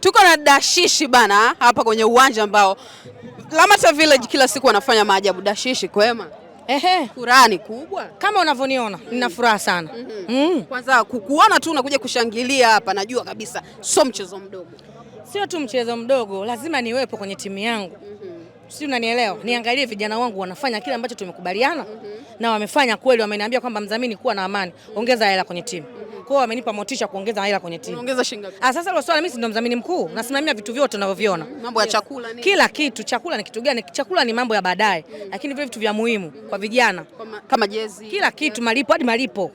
Tuko na dashishi bana hapa kwenye uwanja ambao Lamata Village kila siku wanafanya maajabu. Dashishi kwema? Ehe, kurani kubwa kama unavyoniona, nina furaha sana mm -hmm. mm. Kwanza kukuona tu unakuja kushangilia hapa, najua kabisa sio mchezo mdogo. Sio tu mchezo mdogo, lazima niwepo kwenye timu yangu mm -hmm si unanielewa? Niangalie vijana wangu wanafanya kile ambacho tumekubaliana mm -hmm. na wamefanya kweli, wameniambia kwamba mdhamini, kuwa na amani, ongeza hela kwenye timu kwao wamenipa motisha kuongeza hela kwenye timu. Ongeza shilingi ngapi? Ah, sasa hilo swala mimi ndo mdhamini mkuu, nasimamia vitu vyote unavyoviona. Mambo ya chakula nini? Kila kitu, chakula ni kitu gani? Chakula ni mambo ya baadaye, lakini vile vitu vya muhimu kwa vijana kama jezi, kila kitu, malipo hadi malipo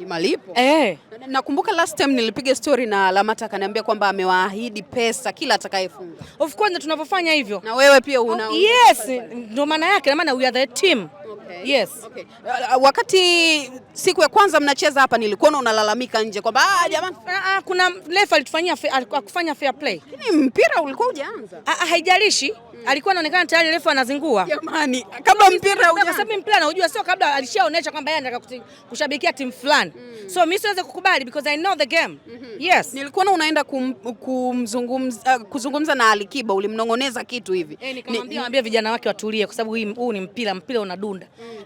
ni malipo. Eh. Nakumbuka last time nilipiga story na Lamata akaniambia kwamba amewaahidi pesa kila atakayefunga. Of course na tunavyofanya hivyo. Na wewe pia una. Oh, yes, ndio maana yake, na maana we are the team. Okay. Yes. Okay. Uh, uh, wakati siku ya kwanza mnacheza hapa nilikuona unalalamika nje kwamba ah, jamani ah, ah kuna refa alitufanyia akufanya fair play. Lakini mpira ulikuwa hujaanza. Ah, ah haijalishi. Mm. Alikuwa anaonekana tayari refa anazingua. Jamani, kabla mpira hujaanza. Kwa sababu mpira anaujua sio kabla alishaonyesha kwamba yeye anataka kushabikia timu fulani understand? Mm. So mimi siwezi kukubali because I know the game. Mm -hmm. Yes. na unaenda kum, kumzungumza uh, kuzungumza na Alikiba ulimnongoneza kitu hivi. Eh, nikamwambia ni, vijana wake watulie kwa sababu huu ni mpira, mpira unadunda. Mm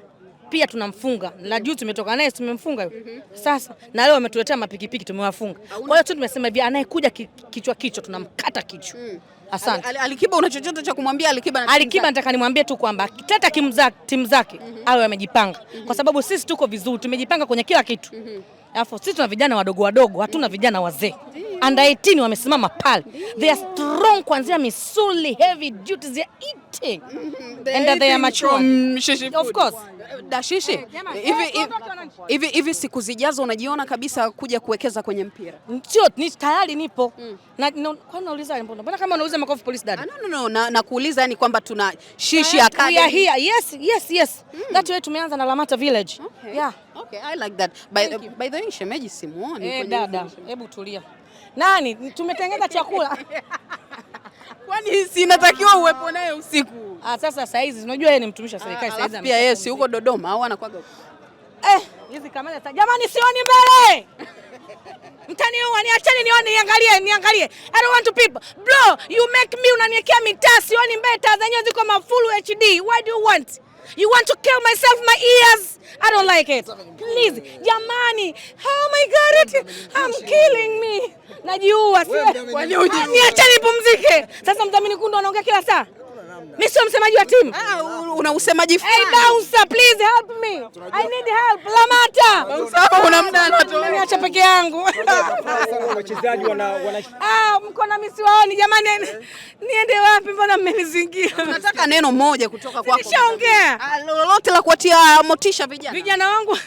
pia tunamfunga la juu tumetoka naye tumemfunga mm -hmm. Sasa na leo wametuletea mapikipiki tumewafunga. Kwa hiyo tu tumesema hivi, anayekuja kichwa kichwa tunamkata kichwa mm. Asante al, al, Alikiba, una chochote cha kumwambia Alikiba? Alikiba nataka nimwambie tu kwamba tata timu zake mm -hmm. awe amejipanga mm -hmm. kwa sababu sisi tuko vizuri, tumejipanga kwenye kila kitu mm -hmm. Alafu sisi tuna vijana wadogo wadogo, hatuna mhm. vijana wazee. Under 18 wamesimama pale, they are strong kuanzia misuli heavy duties ya eating mm-hmm. and that they are mature of course dashishi hivi hivi hivi, siku zijazo unajiona kabisa kuja kuwekeza kwenye mpira? Mm, sio, ni tayari nipo. Mm. Kwani nauliza mbona, mbona kama unauliza makofi polisi dada? Ah, no, no, no, nakuuliza yani kwamba tuna shishi academy here. Yes, yes, yes, mm. that way tumeanza na Lamata village. Yeah, okay, I like that. By the by the way, shemeji simuoni. Eh, dada, hebu tulia. Nani tumetengeza chakula Kwani si natakiwa uwepo naye usiku? Ah, sasa saa hizi unajua yeye ni mtumishi wa ah, serikali saa hizi. Pia yeye si huko Dodoma au anakwaga huko? Eh, hizi kamera sasa. Jamani sioni mbele. Mtaniua, niacheni nione, niangalie, niangalie. I don't want to people. Bro, you make me unaniekea mitaa sioni mbele. Tanzania ziko mafulu HD. What do you want? You want to kill myself my ears? don't like it. Please, jamani. Oh my God, it, I'm killing me. Najiua sasa. Niache nipumzike. Sasa mdhamini Kundu anaongea kila saa. Mimi sio msemaji wa timu. Ah, una usemaji fulani. Hey bouncer, please help me. I need help. Lamata. Bouncer, una mdana tu. Niache peke yangu wachezaji wana, wana... Ah, mko na misi waoni jamani eh? Niende wapi? Mbona mmenizingira? Nataka neno moja kutoka kwako. Nishaongea ah, lolote la kuatia motisha vijana. Vijana wangu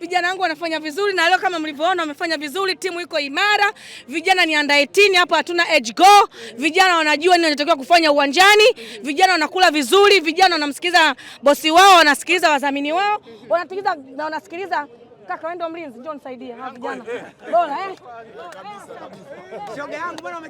vijana wangu wanafanya vizuri na leo kama mlivyoona wamefanya vizuri, timu iko imara. Vijana ni under 18 hapa, hatuna age go. Vijana wanajua nini wanatakiwa kufanya uwanjani, vijana wanakula vizuri, vijana wanamsikiliza bosi wao, wanasikiliza wadhamini wao, wanasikiliza na wanasikiliza Kaka wenda mlinzi, njoo nisaidie hawa vijana. Eh. Bora eh? eh. Shoga yangu bwana